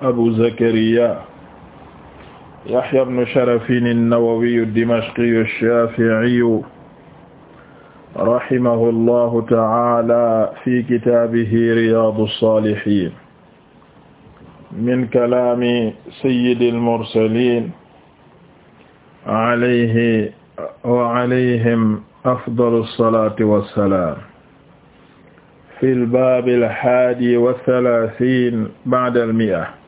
abu zakariya yahya ibnu sharafin an-nawawiyu ad-dimashqiyu ash-shafi'iyu rahimahu llahu ta'ala fi kitaabihi riyaadu saalihiin min kalaami sayyidil mursaliin alayhi wa alayhim afdalu salaati wa salaam fil baabil haadi wa salaasiin ba'dal mi'a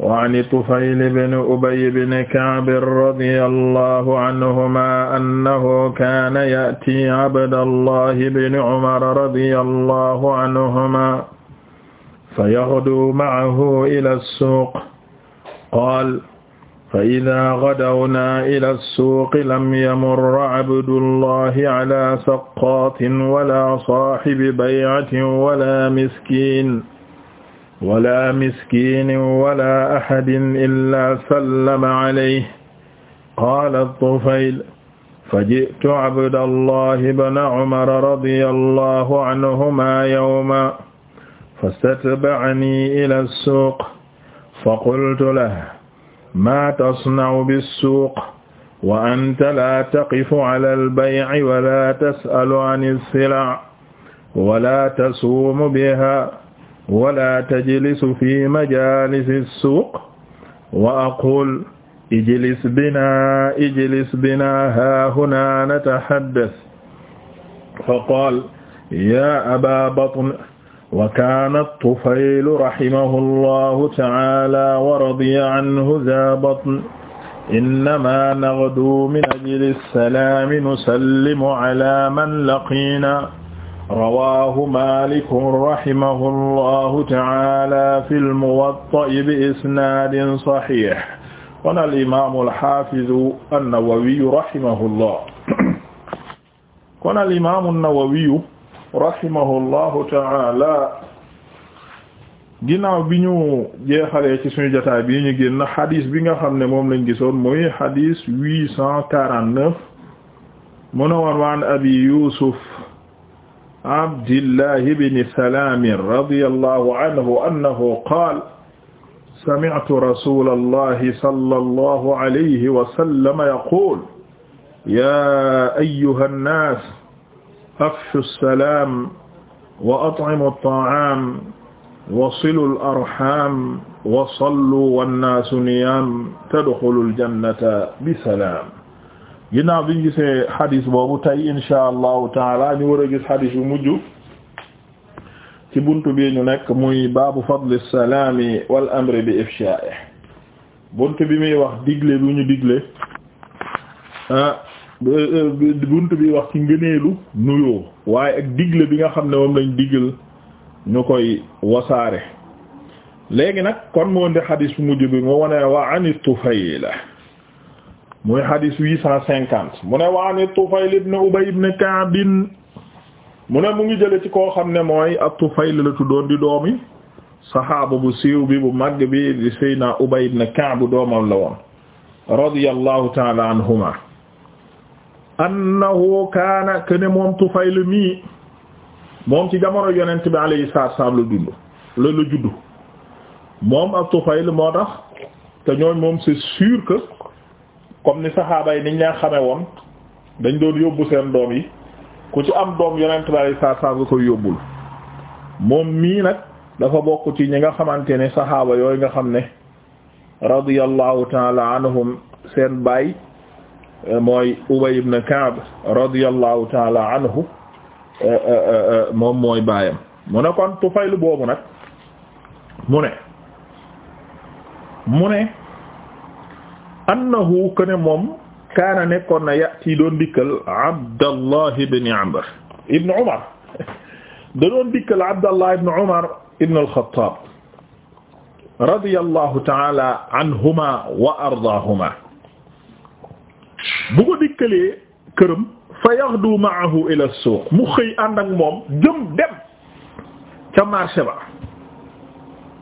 waani Tufayl bin Ubay bin Ka'b radiyallahu anhuma annahu kaana ya'ti Abdallahi bin Umar radiyallahu anhuma fayaghdu ma'ahu ila as-suuq qaala fa-idhaa ghadawnaa ila as-suuq lam yamur Abdullahi ala saqqaatin wala saahibi bay'atin wala miskiin wala miskiinin wala axadin illaa sallama alayhi qaala Tufayl faji'tu Abdallahi bna Umara radiyallahu anhumaa yawman fastatba'anii ilaa suuq faqultu lahu maa tasna'u bis-suuq wa anta laa taqifu alal bay'i wala tas'alu ani s-sila' wala tasuumu bihaa wala tajlisu fi majalisi suuq wa aqul ijlis bina ijlis bina haahuna natahaddas fa qaal yaa aba batn wa kaana tufaylu rahimahu llahu taala wa radiya anhu za batn innama naghdu min ajli salaami nusallimu ala man laqiina rawaahu maalikun rahimahullahu ta'aala fil muwatta'i bi isnaadin saxiix kon al imaamu alxaafidu annawawiyu rahimahullah kon al imaamu nawawiyu rahimahullahu ta'aala ginnaaw bi ñu jeexalee ci suñu jotaay bi ñu génn xadis bi nga xam ne moom lañ gisoon muy xadis huit cent quarante neuf mu ne woon waan abi Yuusuf abdillahi bni salaamin radiyallahu anhu annahu qaal sami'tu rasulallahi sallallahu alayhi wa sallam yaqul ya ayyuha nnaas afshu salaam wa at'imu ta'aam wa silu al-arham wa sallu wannaasu niyaam tadxulu al-jannata bi salaam ginnaaw bi ñu gisee xadis boobu tey insha allahu taala ñu war a gis xadis bu mujj ci bunt bi ñu nekk muy baabu fadli salaami wal amri bi ifshaa'i buntu bi muy wax digle bu ñu digle ah buntu bi wax ci ngëneelu nuyoo waaye ak digle bi nga xam ne moom lañ digal ñu koy wasaare léegi nag kon moo indi xadis bu mujj bi mu wone wa ani Tufayla muy hadis huit cent cinquante mu ne waani Tufayl ibn Ubay ibn Ka'b mu ne mu ngi jële ci koo xam ne mooy ak Tufayl la tuddoon di doomi saxaaba bu siiw bi bu màgg bi di Seydina Ubay ibn Ka'b doomam la woon radiyallahu taala anhuma annahu kaana kene moom Tufayl mii moom ci jamono yonent bi alayhi salaam la dund la la juddu moom ak Tufayl moo tax te ñooñ moom c'est sûr que comme ni saxaaba yi niñ laa xame woon dañ doon yóbbu seen doom yi ku ci am doom yonent bari saa saa nga koy yóbbul moom mii nag dafa bokk ci ñi nga xamante ne saxaaba yooyu nga xam ne radiyallahu taala anhum seen baay eh, mooy Ubay ibn Ka'b radiyallahu taala anhu eh, eh, moom mooy baayam mu ne kon Tufaylu boobu nag mu ne mu ne annahu kaana moom kaana nekkoon na yati doon dikkal Abdallah ibn Amr ibn Umar da doon dikkal Abdallah ibn Umar ibn al-Khattab radiyallahu ta'ala anhuma wa ardaahuma bu ko dikkalee këram fa yaxdu ma'ahu ila suuq mu xëy ànd ak moom jëm dem ca marché ba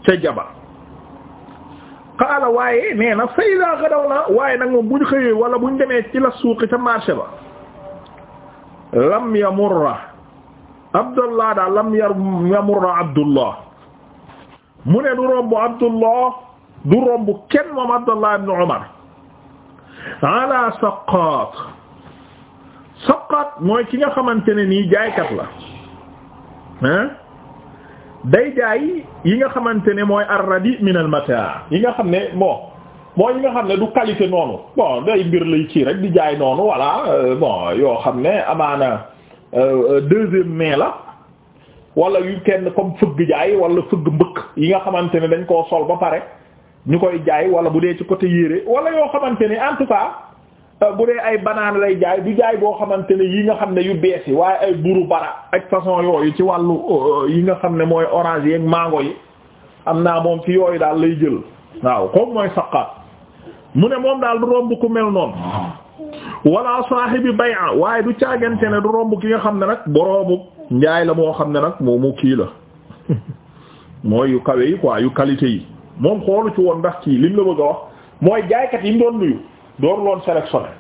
ca jaba qaala waaye nee na fa iza ghadawna waaye nag moom bu ñu xëyee wala bu ñu demee ci la suuqi ca marché ba lam yamurra abdullah daal lam yamurra abdullah mu ne du romb abdullah du romb kenn moom abdullah ibn umar ala saqaat saqaat mooy ki nga xamante ne nii jaaykat la ah day jaay yi nga xamante ne mooy arradi min al mata yi nga xam ne moo moo yi nga xam ne du qualité noonu bon day mbir lay ci rek di jaay noonu voilà euh, bon yoo xam ne amaana euh, deuxième mais la wala yu kenn comme fëgg jaay wala fëgg mbëkk yi nga xamante ne dañ koo sol ba pare ñu koy jaay wala bu dee ci côté yére wala yoo xamante ne en Euh, bu dee ay banaan lay jaay du jaay boo xamante ne yi nga xam ne yu bees yi waaye ay buru bara ak façon yooyu ci wàllu euh, yi nga xam ne mooy orange yeeg mango yi am naa moom ci yooyu daal lay jël waaw comme mooy saqaat mu ne moom daal du romb ku mel noonu wala saahibi bay'a waaye du caagante ne du romb ki nga xam ne nag boroomu njaay la moo xam ne nag moomu kii la mooy yu kawe yi quoi yu qualité yi moom xoolu ci woon ndax kii lim la bëgg a mooy jaaykat yi doon loon sélectionné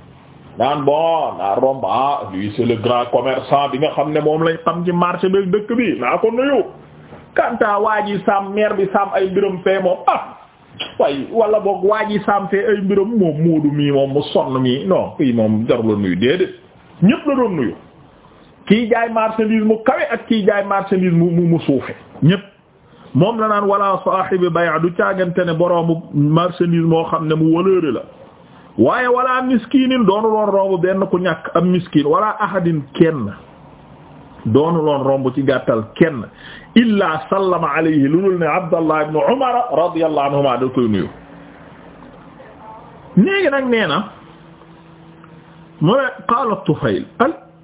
daan bon naa romb ah lui grand commerçant bi nga xam ne moom lañ xam ci marché bi dëkk bi naa ko nuyu kanta waa ji saam maire bi saam ay mbiram fee moom ah way wala boog waa ji saam fee ay mbiram moom muudu mii moom mu sonn mii non kii moom jarul la nuyu déedéet ñépp la doon nuyu kii jaay marchandise mu kawe ak kii jaay marchandise mu mu suufe ñépp moom la naan wala saahibi bay du caagante ne boroomu marchandise moo xam ne mu wëlëre la waaye wala miskinin doonu loon romb benn ku ñàkk am miskin wala ahadin kenn doonu loon romb ci gàttal kenn illa sallama alayhi lu dul ne abdallah ibn umar radiyallahu anhuma da koy nuyu léegi nag nee na mu ne qaala Tufayl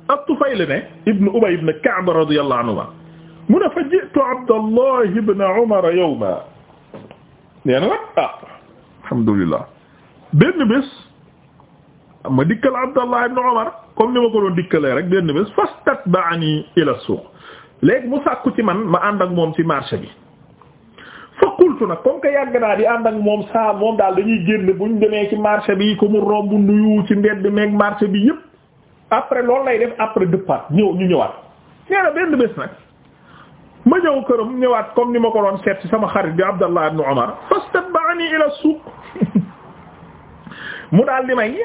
at-Tufayl ne ibn Ubay ibn Ka'b radiyallahu anhuma mu ne fa ji'tu abdallah ibn umar yawma nee na nag ah alhamdulillah benn bés ma dikkal Abdallah ibn Umar comme ni ma ko doon dikkalee rek benn bés fastatba'ani ila suuq léegi mu sàkku ci man ma ànd ak moom ci marché bi fa qultu nag comme que yàgg naa di ànd ak moom saa moom daal dañuy génn buñ demee ci marché bi ku mu romb nuyu ci mbedd meeg marché bi yëpp après loolu lay def après dëppaat ñëw ñu ñëwaat nee na benn bés nag ma ñëw mu ñëwaat comme ni ma ko doon seet ci sama xarit bi Abdallah ibn Umar fastatba'ani ila suuq mu daal di may eh,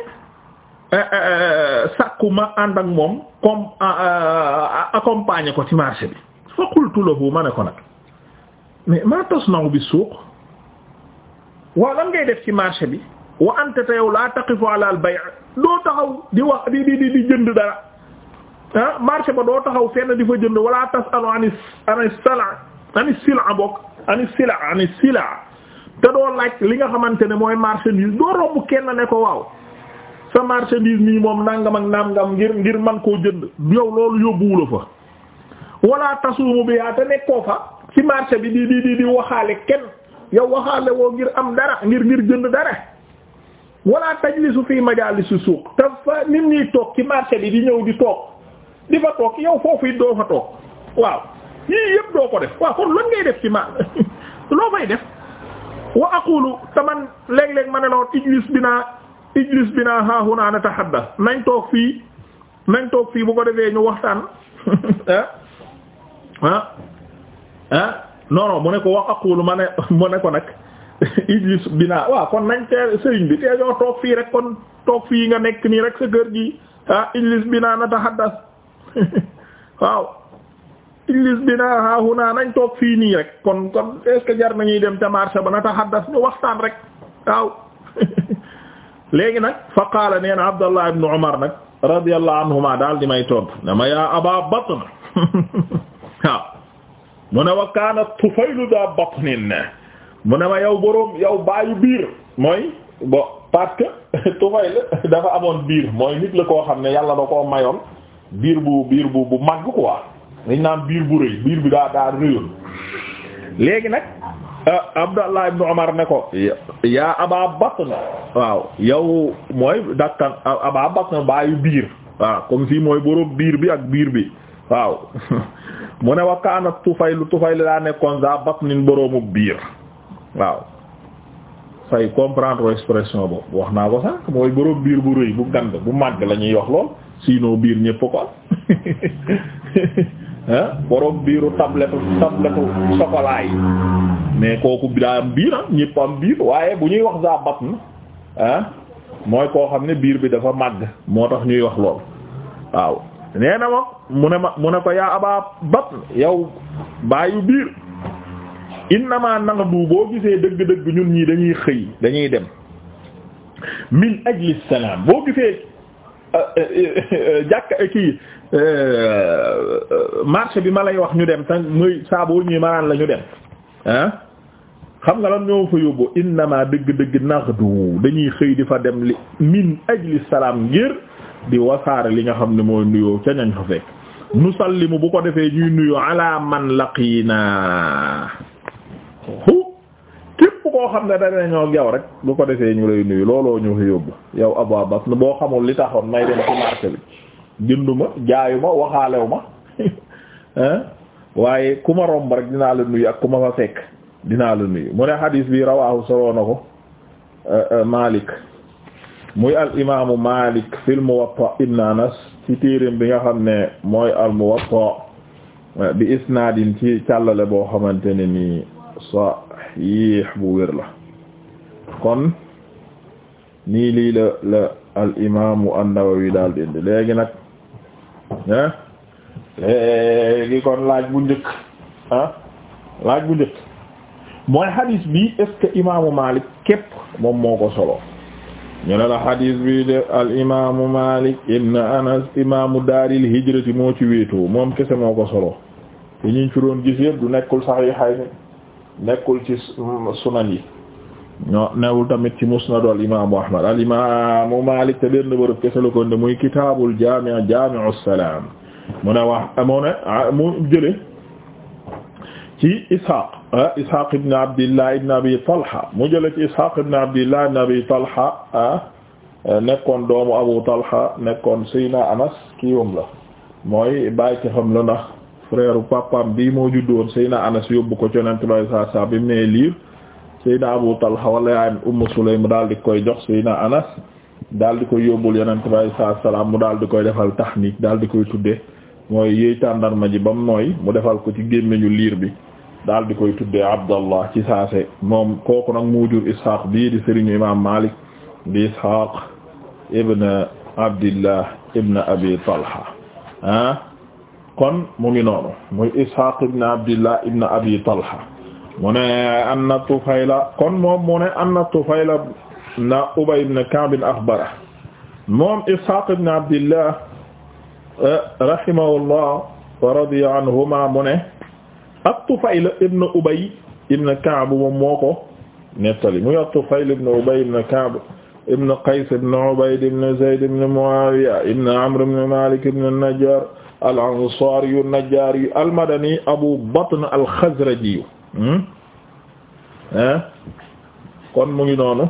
eh, eh, sakku ma ànd ak moom comme accompagner ko ci marché bi fa qultu lahu ma ne ko nag mais ma tasna'u bi suuq waaw lan ngay def ci marché bi wa anta te yow laa taqifu ala al bay' taxaw di wax di di jënd dara ah marché ba doo taxaw fenn di fa jënd wala tas'alu anis anis sala anis sila bokk anis sila anis te doo laaj li nga xamante ne mooy marchandise doo romb kenn ne ko waaw sa marchandise nii moom nangam ak nangam ngir ngir man koo jënd yow loolu yóbbuwula fa wala tasuumu bi yaa te nekkoo fa ci marché bi di di di di waxaale kenn yow waxaale woo ngir am dara ngir ngir jënd dara wala tajlisu fii majaalisu suuq te fa nit ñuy toog ci marché bi di ñëw di toog di fa toog yow foofu it doo fa toog waaw yii yëpp doo ko def waaw kon lan ngay def ci ma wa aqulu te man léeg-léeg ma ne la woon ijlis naa ijlis binaa haahunaa natahaddas nañ toog fii nañ toog fii bu ko defee ñu waxtaan eh? ah ah ah non mu ne ko wa aqulu ma ne mu ne ko nag ijlis binaa waaw kon nañ tee sëriñ bi tee ñoo toog fii rek kon toog fii nga nekk nii rek sa kër gi ah ijlis binaa natahaddas waaw ijlis binaa haahunaa nañ toog fii nii rek kon kon est jar nañuy dem ca marché ba na taxaddas ñu waxtaan rek waaw léegi nag fa qaala neen Abdallah ibn Umar nag radiyallahu anhuma daal di may ma yaa Aba Batn waaw mu ne wa kaana Tufaylu daa batnin mu ne ma yow boroom yow baayu biir mooy bon parce que Tufayl dafa biir mooy nit la koo xam ne yàlla koo mayoon biir bu biir bu bu màgg dañ naan biir bu rëy biir bi daa daa rëyoon léegi nag euh, Abdallah ibn Umar ne ko yaa aba batn waaw yow mooy daktan aba batn baayu biir waaw comme si mooy boroom biir bi ak biir bi waaw mu ne wa kaana tufaylu tufaylu daa nekkoon za batnin boroomu biir waaw fay comprendre expression boobu wax naa ko sax mooy boroom biir bu rëy bu gand bu màgg lañuy ñuy wax lool sinon biir ñépp ko borom biiru tabletu tabletu chocolat mais kooku daa am biir ah ñëpp am biir waaye bu ñuy wax za bat mooy koo xam ne biir bi dafa màgg moo tax ñuy wax lool waaw nee na ma mu ne ma mu ne ko yaa abaa yow bàyyu biir innama nanga du boo gisee dëgg-dëgg ñun ñii dañuy xëy dañuy dem min ajli salam boo gisee Euh, euh, euh, jàkka kii marché bi ma lay wax ñu dem te muy saaboo ñuy manaan la dem ah xam nga lan ñoo fa yóbbu innama dëgg-dëgg naghdu dañuy xëy di fa dem li min ajli salaam ngir di wasaare li nga xam ne mooy nuyoo ca ñañ fa fekk nusallimu bu ko defee ñuy nuyoo ala man laqina hu képp koo xam ne da nañoo yow rek bu ko defee ñu lay nuyu looloo ñu fi yóbbu yow Abou Abbas boo xamul li taxoon may dem ci marché bi jënduma jaayuma waxaalew ma waaye ku ma romb rek dinaa la nuyu ak ku ma fa fekk dinaa la nuyu mu ne xadiis bi rawaahu soloo na ko euh, euh, Malik muy al imaamu Malik fil Muwatta ibn Anas ci téereem bi nga xam ne mooy al Muwatta euh, bi isnaadin ci càllale boo xamante ne nii sahih bu wér la kon nii lii la la al imaamu an-Nawawi daal indi léegi nag ah léegi kon laaj bu njëkk ah laaj bu njëkk mooy hadis bi est ce que imaamu Malik képp moom moo ko solo ñu ne la hadis bi de al imaamu Malik ibn Anas imaamu daaril hijrati moo ci wéetoo moom kese moo ko solo te ci doon gis du nekkul saxiixay nekkul ci sunan yi ñoo newul tamit ci musnadu al imaamu ahmad al imaamu malik te benn bërëb ko indi muy kitaabul jaami' jaami'u salaam mu ne wax mu ne mu jële ci ishaq ishaq ibn abdillah ibn abi talha mu jële nekkoon doomu abu talha nekkoon sayna anas kii wam mooy bàyyi ci xam frère papam bi moo juddoon Seydina Anas yóbbu ko conent bay saa saa bi mu nee liir Seydina Abu Talha wala yaayam Umm Sulaym mu daal di koy jox Seydina Anas daal di koy yóbbul yonent bi alayhi salaatu mu daal di koy defal tahnik daal di koy tudde mooy yéey tàndarma ji ba mu nooy mu defal ko ci gémmiñu liir bi daal di koy tudde Abdallah ci saase moom kooku nag mu jur Ishaq bii di sëriñu imaam Maalik di Ishaq ibn Abdillah ibn Abi Talha ah. kon mu ngi noonu muy ishaq ibn abdillah ibn abi talha mu ne anna tufayla kon moom mu ne anna tufayla na ubay ibn ka'b akhbara moom ishaq ibn abdillah eh, rahimahullah wa radiya anhuma mu ne at-tufayl ibn ubay ibn ka'b moom moo ko nettali muy at-tufayl ibn ubay ibn ka'b ibn qays ibn ubayd ibn zayd ibn muawiya ibn amr ibn malik ibn najjar al-Ansaariyu an-Najjaariyu al-Madaniyu Abu Batn al-Xazrajiyu hmm? eh? kon mu ngi noonu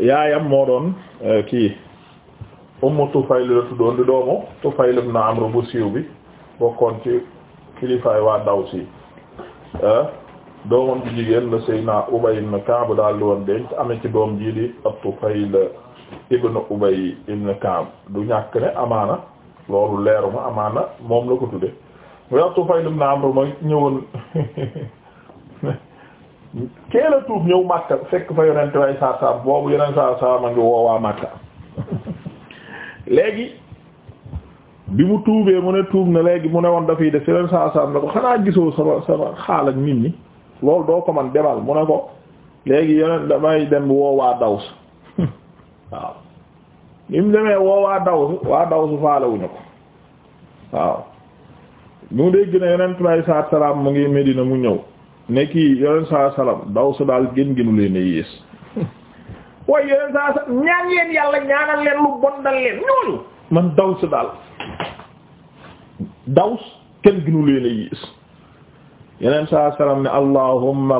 yaayam moo doon eh, kii Ummu Tufayl la tuddoon di doomu Tufayl ibn Amr bu siiw bi bokkoon ci kilifaay waa Dawsi eh? doomam ji jigéen la Seydina Ubay ibn Ka'b daal di denc amee ci doom jii di Tufayl ibn Ubay ibn Ka'b du ñàkk ne amaana loolu leeruma amaana moom la ko tudde mu yax Tufayl ibn Amr ma ñëwoon keel tuub ñëw màkk fekk fa yonent way saa saa boobu yonent saa saa ma ngi woowaa Makka léegi bi mu tuubee mu ne tuub na léegi mu ne woon dafay def yonent saa saa na ko xanaa gisoo sama sama xaal ak nit ñi loolu doo ko man demal mu ne ko léegi yonent damay dem woowaa Daws waaw bi mu demee woo waa Daws waa Daws faalewuñu ko waaw mu dégg ne yonent bi alayhi salaatu salaam mu ngi Medina mu ñëw ne kii yonent saa salaam Daws daal gën gënu leen yées waaye yonent ñaan leen yàlla ñaanal leen lu bon leen ñooñu man Daws daal Daws kenn gënu leen yées yonent saa salaam ne allahumma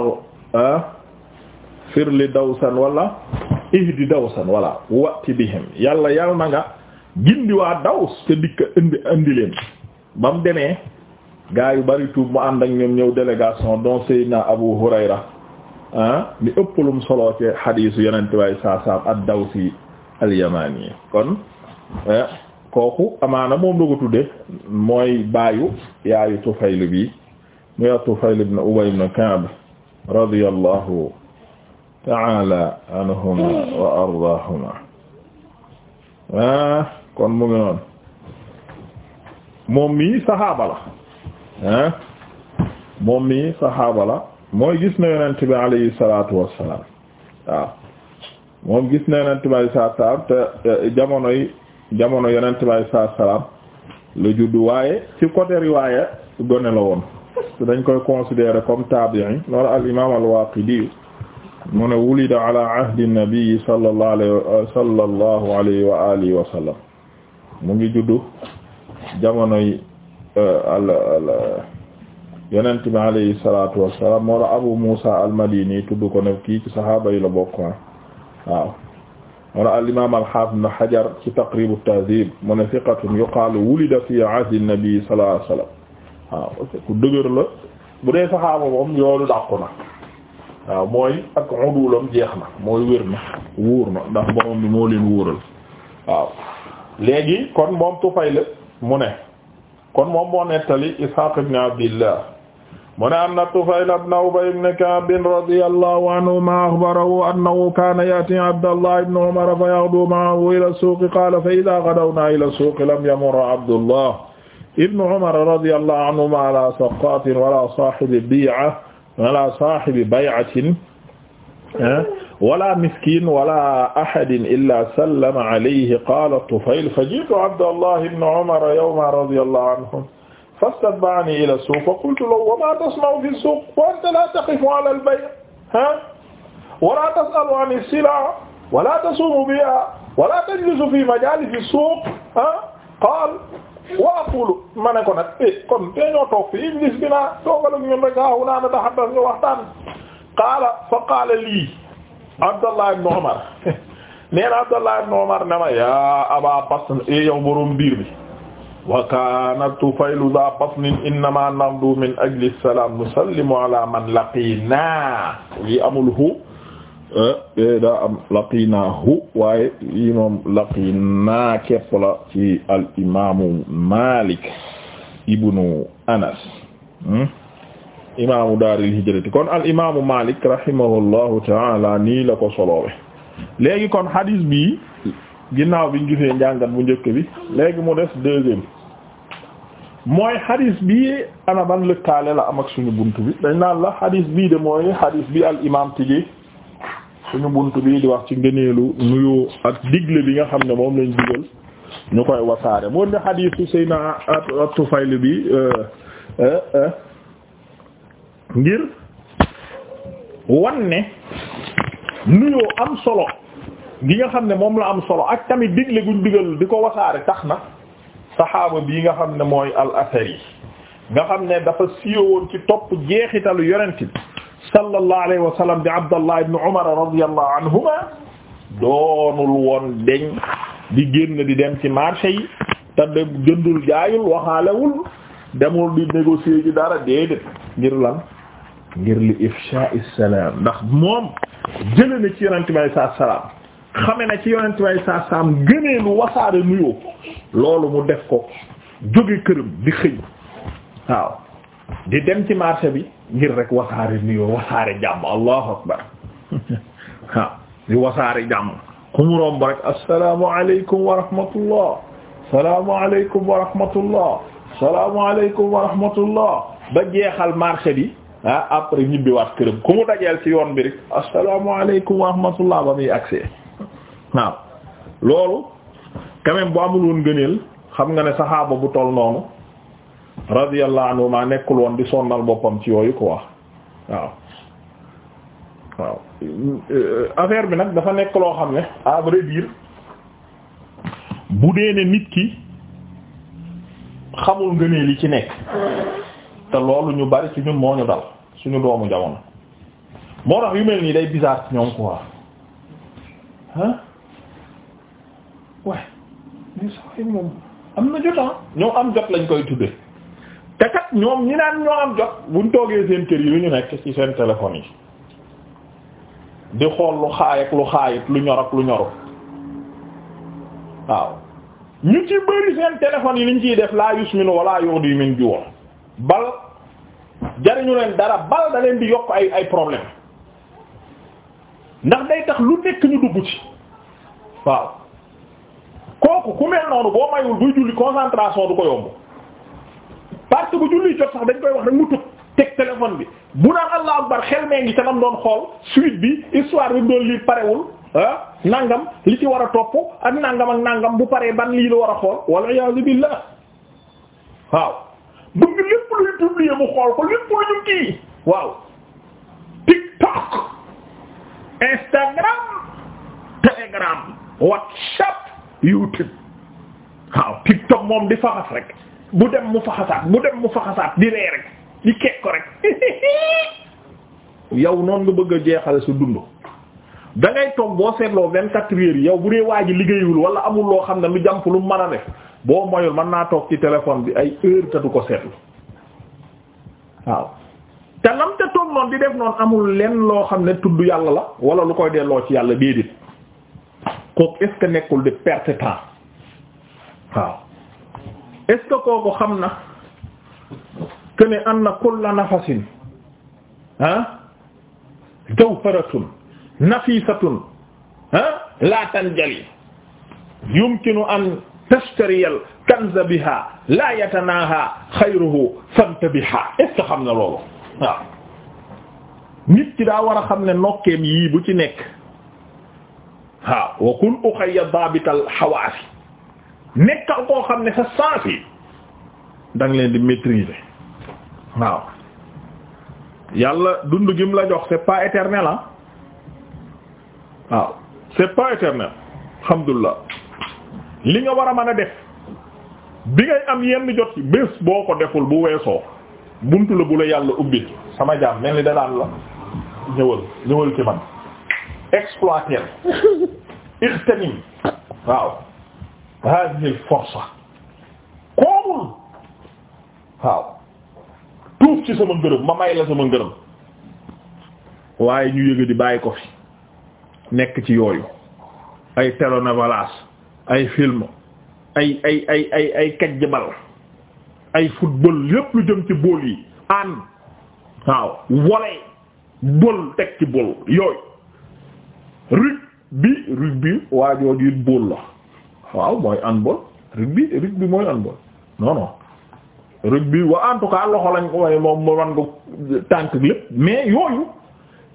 ah, firli dawsan wala ihdi dawsan wala wati bihim yàlla yàlla na nga gindi waa daws te dikka indi indi leen ba demee gaa yu bari tuub mu ànd ak ñoom ñëw délégation don Seydina Abu Hurayra ah li ëpp solo ci xadiisu yonent waay saa saam dawsi al-Yamani kon eh, kooku amaana moom la ko tudde mooy baayu yaayu Tufayl bi muy Tufayl ibn Ubay ibn Ka'b radiyallahu taala anhuma wa ardaahuma ah, kon mu ngi noonu moom mii saxaaba la ah, moom mii saxaaba la mooy gis na yonent bi alayhi salaatu wassalaam waaw ah, moom gis na yonent bi alayhi salaatu wassalaam te eh, jamonoy jamono yonent bi alayhi salaatu la juddu waaye ci côté riwaaya gone la woon dañ koy considérer comme tabi'i loolu al imaam al Waaqidi mu ne wulida ala ahdi nabii sallallahu alayhi sallallahu alayhi wa alihi wa sallam mu ngi juddu jamonoy eh, al al yonent bi alayhi salatu wassalam moo la abu musa al madini tudd ko ne kii ci sahaaba yi la bokk ah, waaw moo la al imam al hafiz ibn hajar ci taqrib at tahdhib mu ne thiqatun yuqaalu wulida fi ahdi nabii sallallahu alayhi wa sallam waaw ku dëgër la bu dee sahaaba moom yoolu dàqu na waaw mooy ak udulam jeex na mooy wér na wóor na ndax borom bi moo leen wóoral waaw léegi kon moom Tufayl mu ne kon moom moo nettali Ishaq ibn Abdillah mu ne anna Tufayl ibn Ubay ibn Ka'b radiyallahu anhuma akhbarahu annahu kana ya'ti Abdullah ibn Umar fa yaghdu ma'ahu ila as-suq qala fa idha ghadawna ila as-suq lam yamur Abdullah ibn Umar radiyallahu anhuma ala saqatin wala sahib bi'a ala sahibi bay'atin eh, wala miskin wala ahadin illa sallama alayhi qala Tufayl faji'tu Abdallah ibn Umar yawman radiyallahu anhum fastadba'ani ila as-suq fa qultu lahu wa ma tasna'u fi as-suq wa anta la taqifu ala al-bay' ha wa la tas'alu 'an as-sila' wa la tasumu biha wa la tajlisu fi majalis as-suq ha qala waa Poul ma ne ko nag eh kon te ñoo toog fii Iblis bi naa toogal ak ñun rek ah naa ne taxaw ñu waxtaan. qaala fa qaala lii Abdallah ibn Umar nee na Abdallah ibn Umar ne ma yaa Aba Pasn eh yow borom biir bi. wa kaana Tufaylu daa pasnin innamaa nahdu min ajli salaam nusallimu ala man laqiinaa yi amul hu Eh, eh, daa am laqinaahu waaye yi moom laqinaa képp la ci al imaamu Malik ibnu Anas hmm? imaamu daaril hijrati kon al imaamu Malik rahimahullahu taala nii la ko soloowe léegi kon hadis bi ginnaaw biñ gisee njàngat mu njëkk bi léegi mu des deuxième mooy hadis bi ana ban lëkkaale la am ak suñu bunt bi dañ naan la hadis bii de mooy hadis bi al imaam tigi suñu bunt bii di wax ci ngëneelu nuyoo ak digle bi nga xam ne moom lañ digal ñu koy wasaare moo ne xadiisu ak Tufayl bi euh, euh, euh, ngir wan ne nuyoo am solo gi nga xam ne moom la am solo ak tamit digle guñ digal di ko wasaare tax na saxaaba bii nga xam ne mooy al yi nga xam ne dafa siiwoon ci topp jeexitalu yonent bi sallallahu alayhi wa sallam di Abdallah ibn Umar radiyallahu anhuma doonul woon deñ di génn di dem ci marché yi te de jëndul jaayul waxaalewul demul di négocier ci dara déedéet ngir lan ngir li ifsha as-salam ndax moom jële na ci yonente bi alay saatu salam xame na ci yonente bi alay saatu salam gënee lu wasaare nuyoo loolu mu def ko jóge këram di xëy waaw di dem ci marché bi ngir rek wasaare nuyoo wasaare jàmm allahu akbar waaw di wasaare jàmm ku mu romb rek assalaamu aleykum wa rahmatullah salaamu aleykum ba jeexal marché bi ah après ñibbi waat këram ku mu dajeel ci yoon bi rek assalaamu aleykum wa ba muy accès waaw loolu quand bu amul woon gëneel xam nga ne saxaaba bu toll noonu radiyallahu anhu maa nekkul woon di sonnal boppam ci yooyu quoi waaw waaw affaire bi nag dafa nekk loo xam ne à vrai dire bu dee ne nit ki xamul nga li ci nekk te loolu ñu bari ci ñun moo ñu dal suñu doomu jamono moo tax yu mel nii day bizarre ci ñoom quoi ah waaye am na jot ñoo am jot lañ koy tudde te kat ñoom ñi naan ñoo am jot ñu toogee seen kër yi lu ñu nekk ci seen téléphone yi di xool lu xaay ak lu xaayit lu ñor ak lu ñorut waaw ñu ci bëri seen téléphone yi liñ ciy def laa yusminu wala yughni min ju bal jariñu leen dara bal da di yokk ay ay problème ndax day tax lu nekk ñu dugg ci waaw kooku ku mel noonu boo mayul buy julli concentration du ko yomb parce que bu julli jot sax dañ koy wax rek mu tëb teg téléphone bi bu naan allah akbar xel mee ngi te nam doon xool suite bi histoire bi doon lii parewul ah nangam li ci war a topp ak nangam ak nangam bu paree ban lii la war a xool walla iyaazu billah waaw bëgg lépp luy publier mu xool ko lépp lu ñu kii waaw tiktok instagram telegram whatsapp youtube waaw tiktok moom di faxas rek bu dem mu faxasaat bu dem mu faxasaat di ree rek di keek ko rek yow noonu nga bëgg a jeexale su dund da ngay toog boo seetloo vingt-quatre heures yow bu dee waa ji liggéeyul wala amul loo xam ne lu jàmp lu mën a def boo moyul mën naa toog ci téléphone bi ay heure te ko seetlu waaw te lam te toog noonu di def noonu amul lenn loo xam ne tudd yàlla la wala lu koy delloo ci yàlla déedéet kooku est nekkul di perte temps waaw est-ce que kooku xam na que ne am na kulla nafasin ah jawharatun nafisatun ah la tanjali yumkinu an tashtariya al kanza biha la yatanaha xayruhu fantabiha est-ce que xam na loolu waaw nit ki daa war a xam ne nokkeem yii bu ci nekk waaw wa kun uxayya dabital xawaasi nekkal koo xam ne sa sens yi leen di maîtriser waaw yàlla dund gi mu la jox c'est pas éternel ah waaw c'est pas alhamdulilah li nga war a mën a def bi ngay am yenn jot bés boo ko deful bu weesoo buntu la bu la yàlla ubbi sama jaam mel ni da daan la ñëwal ñëwal ci man exploiter ixtanim waaw hadihi force koomul waaw tuuf ci sama ngërëm ma may la sama ngërëm waaye ñu yëga di bàyyi ko fi nekk ci yooyu ay telenovelas ay film ay ay ay ay ay bal ay football lépp lu jëm ci bool yi aan waaw volley bool teg ci bool yooyu rugby rugby waajoo jiit bool la waaw mooy handball rugby rugby mooy handball non non rugby wa en tout cas loxo lañ ko waaye moom mu man nga tànk lépp mais yooyu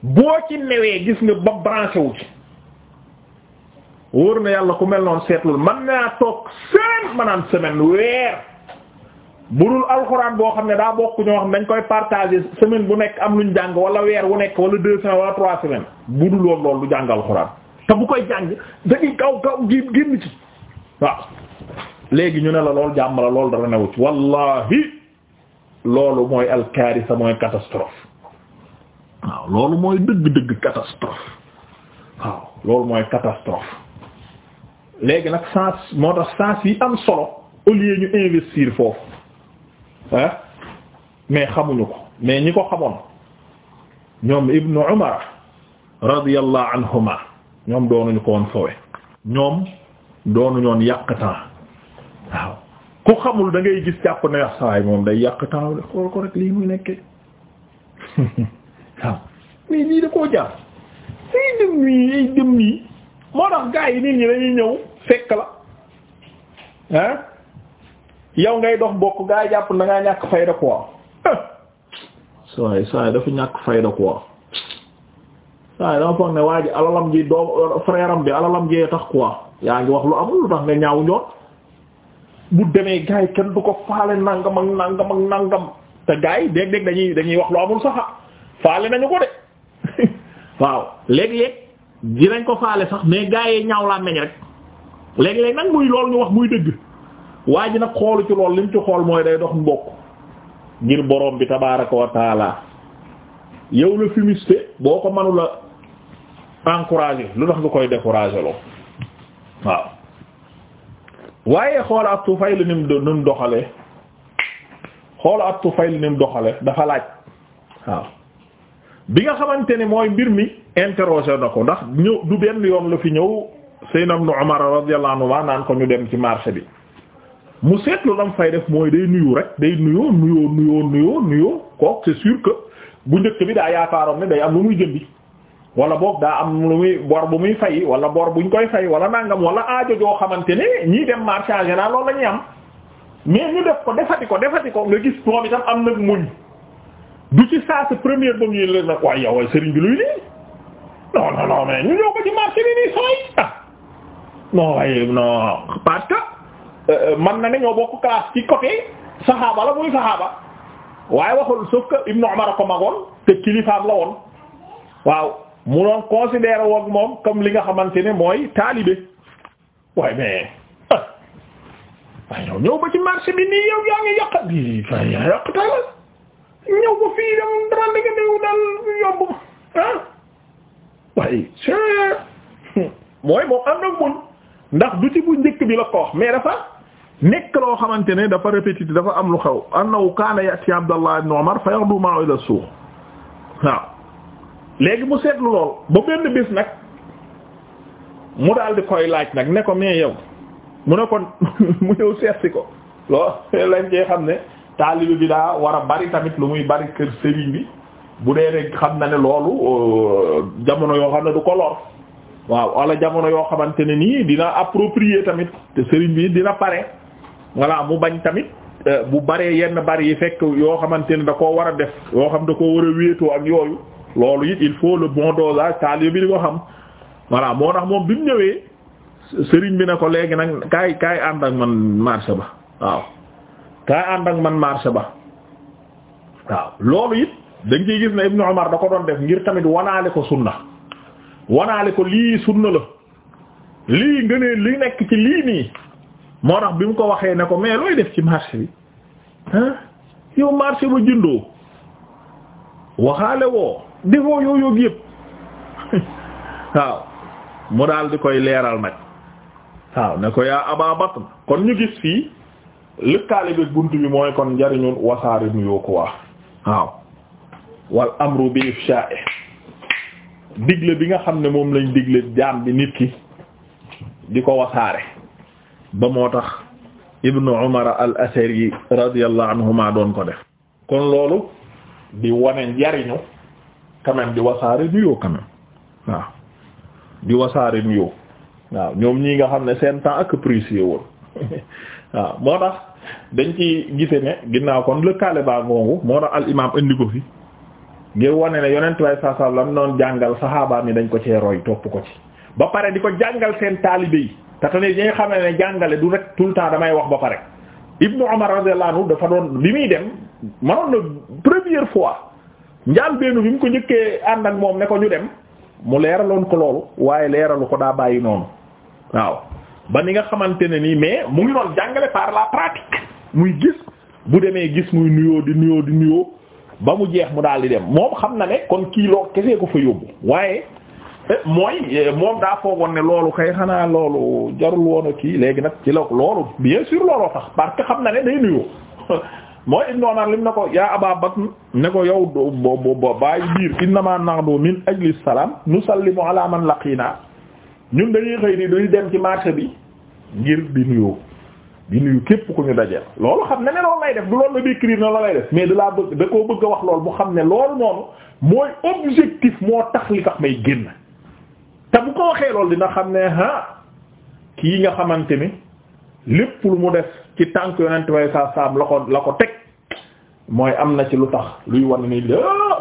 boo ci newee gis nga ba branché wu ci wóor na yàlla ku mel noonu seetlu man naa toog semaine maanaam semaine weer budul alxuraan boo xam ne daa bokk ñoo xam dañ koy partager semaine bu nekk am luñ jàng wala weer wu nekk wala deux semaines wala trois bu budul woon loolu du jàng alxuraan te bu koy jàng da ngay kaw kaw génn ci. waaw léegi ñu ne la lool jàmm la lool dara newu ci wallahi loolu mooy alkaarisa mooy catastrophe waaw loolu mooy dëgg-dëgg catastrophe waaw loolu mooy catastrophe léegi nag sens moo tax sens yi am solo au lieu ñu investir foofu ah mais xamuñu ko mais ñi ko xamoon ñoom ibnu umar radiyallahu anhuma ñoom doonuñu ko woon fowe ñoom doonu ñoon yàq temps waaw ku xamul dangay gis jàpp ne wax moom day yàq temps de ko lii muy nekkee waaw mais lii da koo jaar ay dëm nii moo tax gaa yi nit ñi dañuy ñëw fekk la ah yow ngay dox bokk gaa yi jàpp na ngaa ñàkk fayda quoi eh! sawaay sawaay dafa ñàkk fayda quoi sawaay dama foog ne waa ji alalam ji doom frère bi alalam jee tax quoi yaa ngi wax lu amul lu tax nga ñaaw ñoon bu demee gars kenn du ko faale nangam ak nangam ak nangam te gars yi dégg-dégg dañuy dañuy wax lu amul sax faale nañu ko de waaw léeg-léeg dinañ ko faale sax mais gars yi ñaaw laa meñ rek léeg-léeg nag muy loolu ñu wax muy dëgg waa ji nag xoolu ci lool lim ci xool mooy day dox mbokk ngir borom bi tabaaraka wa taala yow la fumiste boo ko mënula encourager lu tax nga koy décourager loo waaw waaye xoola ab Tufayl ni mu ni mu doxale xoola ab Tufayl ni mu doxale dafa laaj waaw bi nga xamante ne mooy mbir mi interroger na ko ndax ñëw du benn yoon la fi ñëw Sayyidna Ibn Umar radiyallahu anhu maa naan ko ñu dem ci marché bi mu seetlu lam fay def mooy day nuyu rek day nuyu nuyoo nuyoo nuyoo nuyoo kook c'est sûr que bu njëkk bi daa yaakaaroon ne day am lu muy jëndi wala boog daa am lu muy bor bu muy fay wala bor buñ koy fay wala nangam wala aajo joo xamante ne ñii dem marché en général loolu la ñuy am mais ñu def ko defati ko defati ko nga gis moom itam am nag muñ mu yële nii non non non ñu ñëw ko ci marché bi nii sooy ah non waaye non parce que euh, euh, man na ne ñoo bokk classe ci côté saxaaba la muy saxaaba waaye waxul sauf que Ibn Umar ko magoon te kilifaam la woon waaw. mu doon considéré woog moom comme li nga xamante ne mooy taalibe waaye mais ah ñëw ba ci marché bi nii yow yaa ngi yàq bi yàq taal ñëw ba fii ah. mooy moom am na mun ndax du ci njëkk bi la ko wax mais dafa nekk loo xamante ne dafa répétitif dafa am lu xew annahu kaana ya'ti Abdallah ibn ma'a ila suuq waaw. léegi mu seetlu lool ba benn bis nag mu daal koy laaj nag ne ko mais yow mu ne kon mu ñëw seet ko loolu lañ cee xam ne taalibi bi daa war a bari tamit lu muy bari kër sëriñ bi bu dee xam na ne loolu euh, jamono yoo xam ne du ko lor waaw wala jamono yoo xamante ne nii dina approprier tamit te sëriñ bi dina pare voilà mu bañ tamit euh, bu baree yenn bari yi fekk yoo xamante ne da koo war a def yoo xam da koo war a wéetoo ak yooyu loolu it il faut le bon dosage taalibe bi di ko xam voilà moo tax moom bi mu ñëwee sëriñ bi ne ko léegi nag kaay kaay ànd ak man marché ba waaw kaay ànd ak man marché ba waaw loolu it dañ ciy gis na Ibnu Umar da ko doon def ngir tamit wanaale ko sunna wanaale ko lii sunna la lii nga li nekk ci lii nii moo tax bi mu ko waxee ne ko mais looy def ci marché bi ah yow marché ba jëndoo waxaale woo defoo yoo yóbbu yëpp waaw mu daal di koy leeral nag waaw ne ko yaa Abaa Bakr kon ñu gis fii lëkkaale bi buntu bi mooy kon njariñu wasaare nuyoo ko waa waaw wal amru bi ifshaa'i digle bi nga xam ne moom lañ digle jaam bi nit ki di ko wasaare ba moo tax ibnu umar al asari radiyallahu anhuma doon ko def kon loolu di wane njariñu quand di wasaare nuyoo quand même waaw di wasaare nuyoo waaw ñoom ñii nga xam ne seen temps ak précieux woon waaw moo tax dañ ci gise ne ginnaaw kon lëkkaale baa ngoongu moo tax al imaam indi ko fi ngir wane ne yonent way saa saa lam noon jàngal saxaaba mi dañ ko cee roy topp ko ci ba pare di ko jàngal seen taalibe yi te tamit ñi nga xam ne jàngale du rek tout le temps damay wax ba pare Ibnu Umar radiyallahu anhu dafa doon bi muy dem manoon na première fois njaal benn bi mu ko njëkkee ànd ak moom ne ko ñu dem mu leeraloon ko loolu waaye leeralu ko daa bàyyi noonu waaw ba ni nga xamante ne nii mais mu ngi doon jàngale par la pratique muy gis bu demee gis muy nuyoo di nuyoo di nuyoo ba mu jeex mu daal di dem moom xam na ne kon kii loo kesee ko fa yóbbu waaye eh, mooy eh, moom daa foogoon ne loolu kay xanaa loolu jarul woon a kii léegi nag ci look loolu bien sûr looloo tax parce xam na ne day nuyoo mooy Ibn Umar lim ne ko yaa Abaa Bakr ne ko yow boo boo bàyyi biir innamaa nahnu min ajli salaam nusallimu alaa man naa ñun dañuy xëy di duy dem ci marché bi ngir di nuyoo di nuyu képp ku ñu dajeel. loolu xam ne ne loolu lay def du loolu la décrire na loolu lay def mais dalaa bëgg da koo bëgg a wax lool mu xam ne loolu noonu mooy objectif moo tax li tax may génn te bu ko waxee loolu dina xam ne ah kii nga xamante ni lépp lu mu def. ci tànk yonent way saa saam la ko la ko teg mooy am na ci lu tax luy wan ni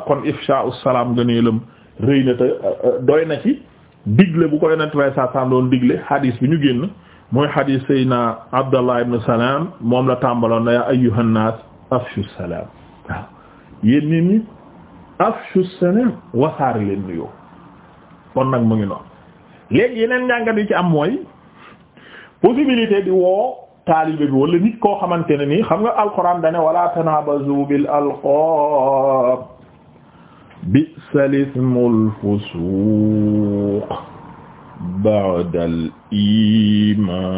kon ifsha ussalaam gëneelam rëy na euh, euh, doy na ci digle bu ko yonent way saa saam doon digle hadis bi ñu génn mooy hadis sayna abdallah ibn salam moom la tàmbaloon na yaa ayyuhan naas afshu salaam waaw yéen nit afshu salaam wasaari leen nuyoo kon nag mu ngi noonu léegi yeneen njàngat yi ci am mooy possibilité di woo taalibe bi wala nit koo xamante ne nii xam nga alquran dane wala tanabazu bil alqab bi salismul fusuq ba'da al iman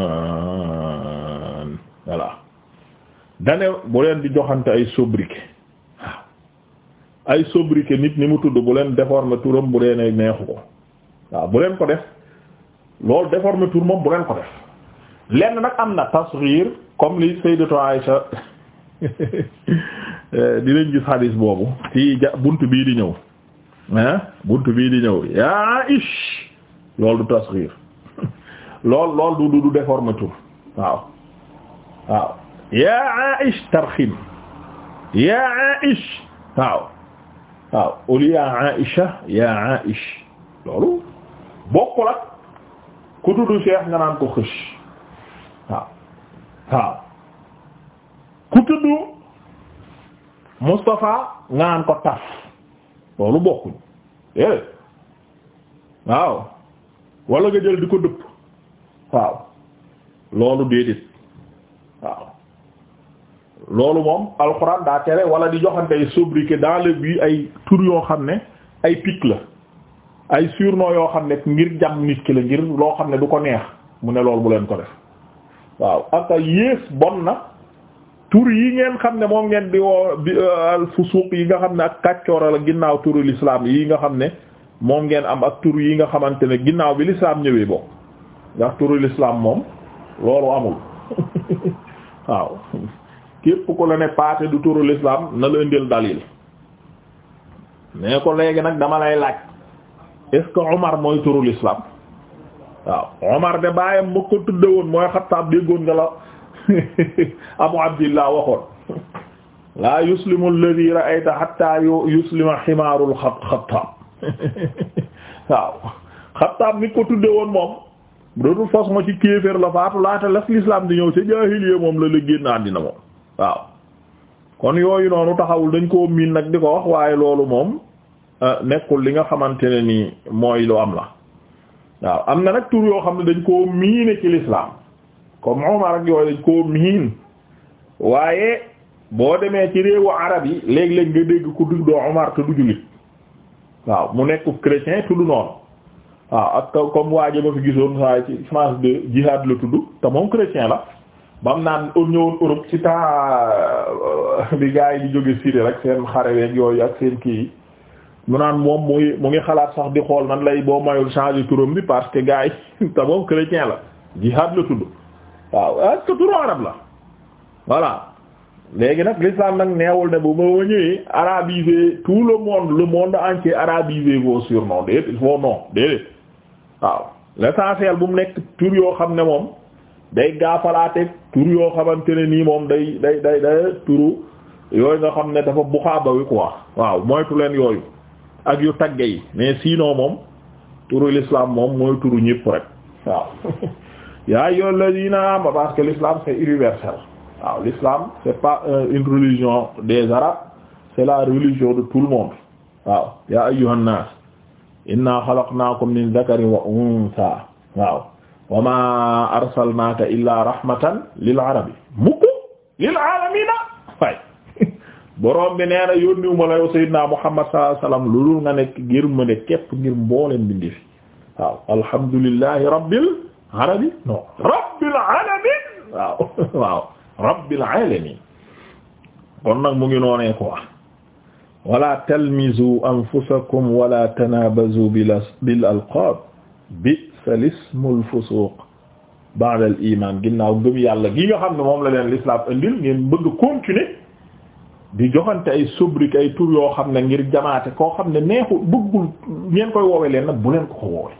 dane bu leen di joxante ay sobriquet ay sobriquet nit ni mu tudd bu leen déformer turam bu dee ne neexu ko waaw bu leen ko def loolu déformer tur bu leen ko def lenn nag am na tasghir comme li sayyidatu Aisha dinañ gis xadiis boobu ci ja bunt bii di ñëw ah bunt bii di ñëw yaa ish loolu du tasghir lool lool du du déformé tur waaw waaw yaa ish tarxim yaa ish waaw waaw au yaa Aisha yaa ish loolu bokkul ak ku tuddu Cheikh nga naan ko xësh waaw ku tudd Moustapha nga naan ko taf loolu bokkuñ é eh? waaw wala nga jël di ko dëpp waaw loolu déedéet waaw loolu moom alxuraan daa tere wala di joxante ay sobriquet dans le but ay tur yoo xam ne ay pic la ay surnom yoo xam ne ngir jam nit ki la ngir loo xam ne du ko neex mu ne loolu bu leen ko def waaw aka yées bon na tur yi ngeen xam ne moom ngeen di woo bi euh, al fusuq yi nga xam ne ak kàccoora la ginnaaw turu l'islam yi nga xam ne moom ngeen am ak tur yi nga xamante ne ginnaaw bi l'islam ñëwee bokk ndax turu l'islam moom loolu amul waaw képp ku la ne paate du turu l'islam na la indil dalil mais ko léegi nag dama lay laaj est-ce que Omar mooy turu l'islam waaw Omar de baayam ma ko tudde woon mooy Xattaab déggoon nga la Abu Abdillah waxoon laa yuslimu alladhi ra'ayta hatta yuslima himaarul Xattaab waaw Xattaab mi ko tudde woon moom de toute façon ci kéefër la faatu laata laf l'islam di ñëw ca jaahiliya moom la la génn àddina moom waaw kon yooyu noonu taxawul dañ koo miin nag di ko wax waaye loolu moom euh, nekkul li nga xamante ne nii mooy lu am la waaw am na nag tur yoo xam ne dañ koo miine ci l'islam comme Umar ak yooyu dañ koo miin waaye boo demee ci réewu arab yi léegi léeg nga dégg ku dugg doo Umar te jullit waaw mu nekk chrétien tudd noonu waaw ak comme waaje ma fi gisoon saa ci France de jihad la tudd te moom chrétien la bam naan ñëwoon Europe ci temps euh, bi gars yi di jóge Syrie rek seen xare week yooyu ak seen kii mu naan moom muy mu ngi xalaat sax di xool nan lay boo mayul changer turam bi parce que gars yi te chrétien la jihad la tudd waaw ak que la voilà léegi nag l'islam nag neewul ne bu ma ñëwee arabiser le monde le monde entier arabiser vos bu mu nekk tur yoo xam ne moom day gaafalaate yoo xamante ne nii moom day day day day yooyu nga xam ne dafa buxaaba wi quoi waaw moytu leen yooyu ak yu tagge yi mais sinon moom turu l'islam moom mooy turu ñëpp waaw yaa yo la parce que l'islam c'est universel waaw l'islam c'est pas une religion des arabes c'est la religion de tout le monde waaw yaa ayyuhan nas inna xalaqnaakum min dhakarin wa untha waaw wa ma arsalnaaka illa rahmatan lil arabi mukku lil alamina borom bi nee na yónniwuma la yow Seydina Muhammad sallallahu alayhi wasallam loolu nga nekk ngir mu ne képp ngir mboolem bindi fi waaw alhamdulillahi rabbil alamin non rabbil alamin waaw waaw rabbil alamin kon nag mu ngi noonee quoi wala talmizu anfusakum wala tanabazu bil alqab bi'sa lismul fusuq ba'da al iman ginnaaw gëm yàlla gi nga xam ne moom la leen l'islam indil ngeen bëgg continuer di joxante ay sobrique ay tur yoo xam ne ngir jamaate koo xam ne neexu bëggul ngeen koy woowe leen nag bu leen ko ko woowe